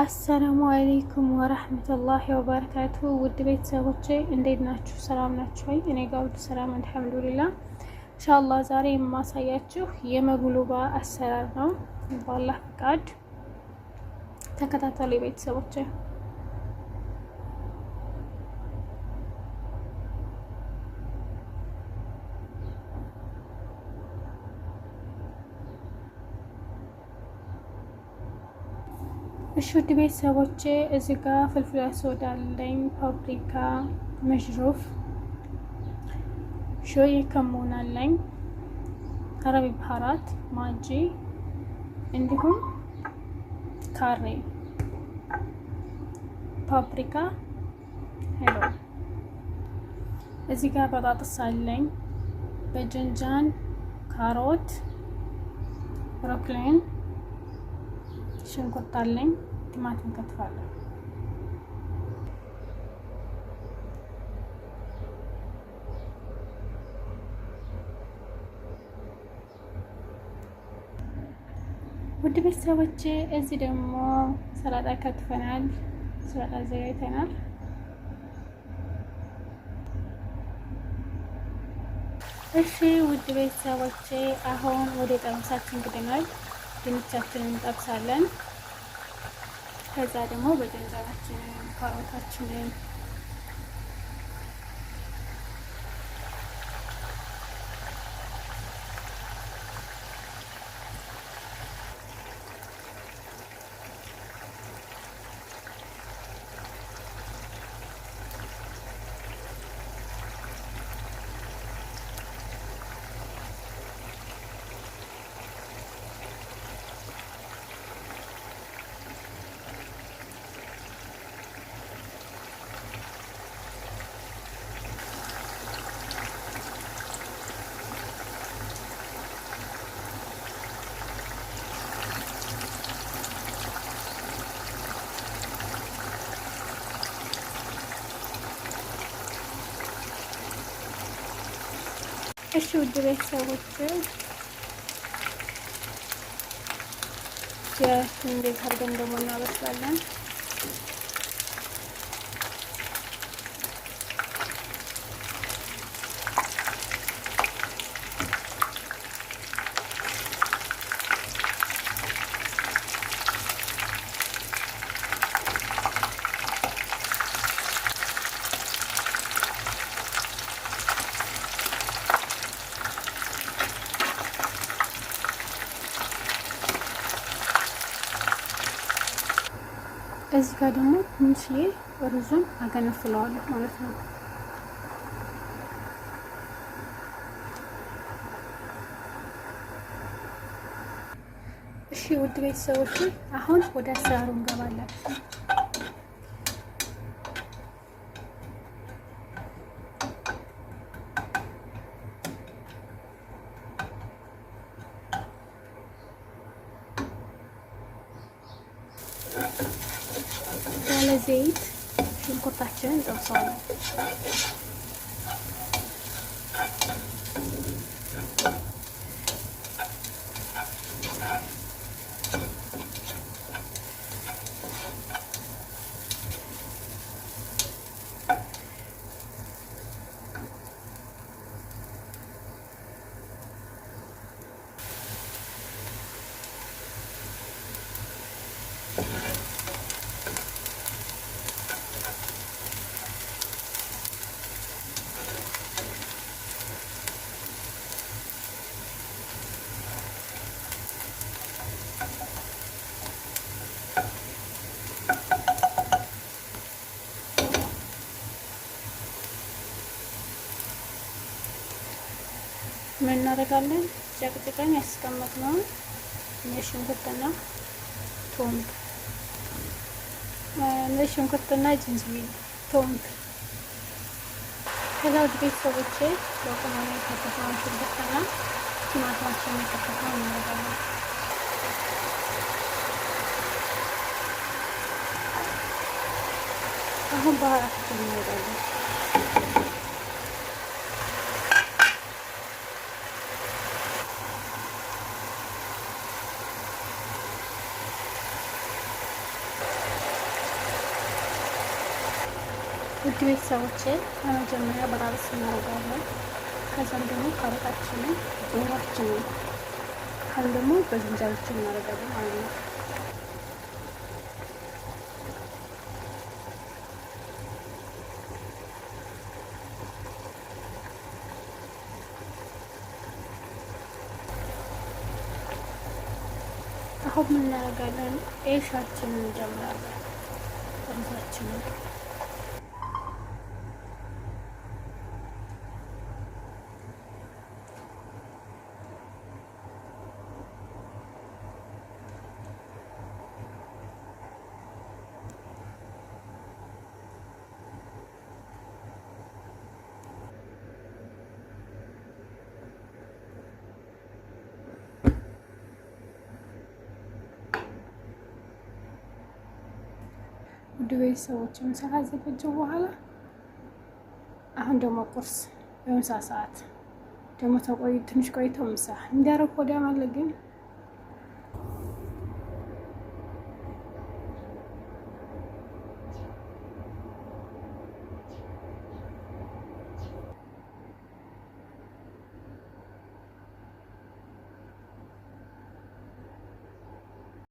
አሰላሙ አሌይኩም ወራህመቱላሂ ወበረካቱ ውድ ቤተሰቦቼ እንዴት ናችሁ? ሰላም ናችሁ ወይ? እኔ ጋር ውድ ሰላም አልሐምዱሊላህ። ኢንሻአላህ ዛሬ የማሳያችሁ የመግሉባ አሰራር ነው። በአላህ ፍቃድ ተከታተሉ ቤተሰቦቼ። እሺ ውድ ቤተሰቦቼ እዚ ጋ ፍልፍል ያስወዳለኝ አለኝ፣ ፓፕሪካ፣ መሽሩፍ ሾይ ከመሆናለኝ፣ አለኝ፣ አረቢ ባህራት ማጂ፣ እንዲሁም ካሬ ፓፕሪካ ሄሎ። እዚህ ጋር በጣጥስ አለኝ፣ በጀንጃን፣ ካሮት፣ ብሮኮሊን፣ ሽንኩርት አለኝ። ቲማቲም ከትፋለን። ውድ ቤተሰቦቼ እዚህ ደግሞ ሰላጣ ከትፈናል። ሰላጣ አዘጋጅተናል። እሺ ውድ ቤተሰቦቼ አሁን ወደ ጠብሳችን ግደናል። ድንቻችንን እንጠብሳለን። ከዛ ደግሞ በጀንጀራችንን ካሮታችንን እሺ ውድ ቤተሰቦች እንዴት አድርገን ደግሞ እናበስላለን። እዚህ ጋር ደግሞ ትንሽ ሩዙን አገነፍለዋለሁ ማለት ነው። እሺ ውድ ቤተሰቦች አሁን ወደ አሰራሩ እንገባለን። zeyt. Şunu kopartacağız ondan sonra. ምን እናደርጋለን? ዘቅዝቀን ያስቀመጥነውን ነጭ ሽንኩርትና ቶንግ ነጭ ሽንኩርትና ጅንጅብል ቶንግ ከዛ ውድ ቤተሰቦቼ በቁመና የከተፈውን ሽንኩርትና ቲማቲማችን የከተፈውን እናደርጋለን። አሁን ባህራት እናደርጋለን። ውድ ቤተሰቦችን በመጀመሪያ በራስ እናደርጋለን። ከዛም ደግሞ ካሮታችንን ውሃችንን ካል ደግሞ በዝንጃሮችን እናደርጋለን ማለት ነው። አሁን ምን እናደርጋለን? ኤሻችንን እንጀምራለን ሩዛችንን ውድ ቤተሰቦች ምሳ ካዘጋጀው በኋላ አሁን ደግሞ ቁርስ በምሳ ሰዓት ደግሞ ተቆይ ትንሽ ቆይተው ምሳ እንዲያረግ ወዲያ ማለት ግን